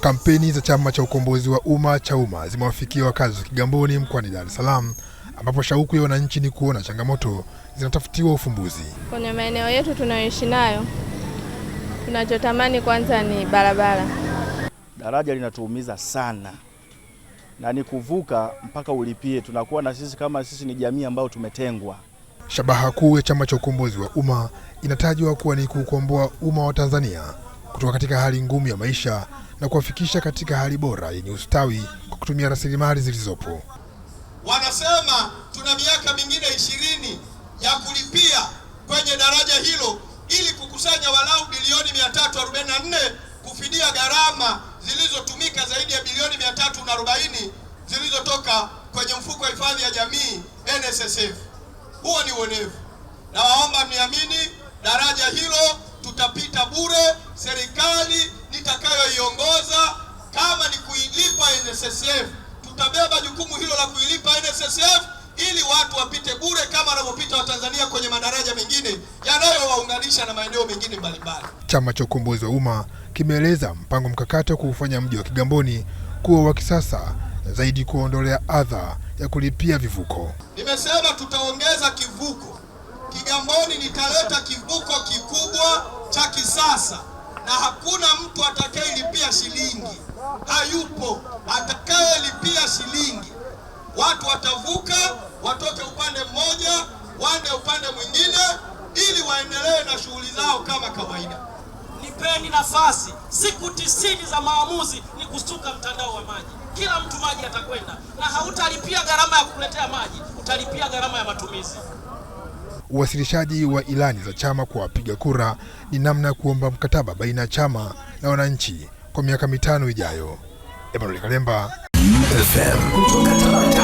Kampeni za chama cha ukombozi wa umma cha umma zimewafikia wakazi wa Kigamboni mkoani Dar es Salaam, ambapo shauku ya wananchi ni kuona changamoto zinatafutiwa ufumbuzi kwenye maeneo yetu tunayoishi nayo. Tunachotamani kwanza ni barabara. Daraja linatuumiza sana na ni kuvuka mpaka ulipie, tunakuwa na sisi kama sisi ni jamii ambayo tumetengwa. Shabaha kuu ya chama cha ukombozi wa umma inatajwa kuwa ni kuukomboa umma wa Tanzania kutoka katika hali ngumu ya maisha na kuwafikisha katika hali bora yenye ustawi kwa kutumia rasilimali zilizopo. Wanasema tuna miaka mingine ishirini ya kulipia kwenye daraja hilo ili kukusanya walau bilioni 344 kufidia gharama zilizotumika zaidi ya bilioni 340 zilizotoka kwenye mfuko wa hifadhi ya jamii NSSF. Huo ni uonevu, na waomba mniamini, daraja hilo tutapita bure. NSSF. Tutabeba jukumu hilo la kuilipa NSSF ili watu wapite bure kama wanavyopita Watanzania kwenye madaraja mengine yanayowaunganisha na maeneo mengine mbalimbali. Chama cha Ukombozi wa Umma kimeeleza mpango mkakati wa kuufanya mji wa Kigamboni kuwa wa kisasa zaidi, kuondolea adha ya kulipia vivuko. Nimesema tutaongeza kivuko Kigamboni, nitaleta kivuko kikubwa cha kisasa na hakuna mtu atakayelipia shilingi, hayupo atakayelipia shilingi. Watu watavuka watoke upande mmoja waende upande mwingine, ili waendelee na shughuli zao kama kawaida. Nipeni nafasi, siku tisini za maamuzi ni kusuka mtandao wa maji. Kila mtu maji atakwenda, na hautalipia gharama ya kukuletea maji, utalipia gharama ya matumizi. Uwasilishaji wa ilani za chama kwa wapiga kura ni namna ya kuomba mkataba baina ya chama na wananchi kwa miaka mitano ijayo. Emanuel Kalemba FM.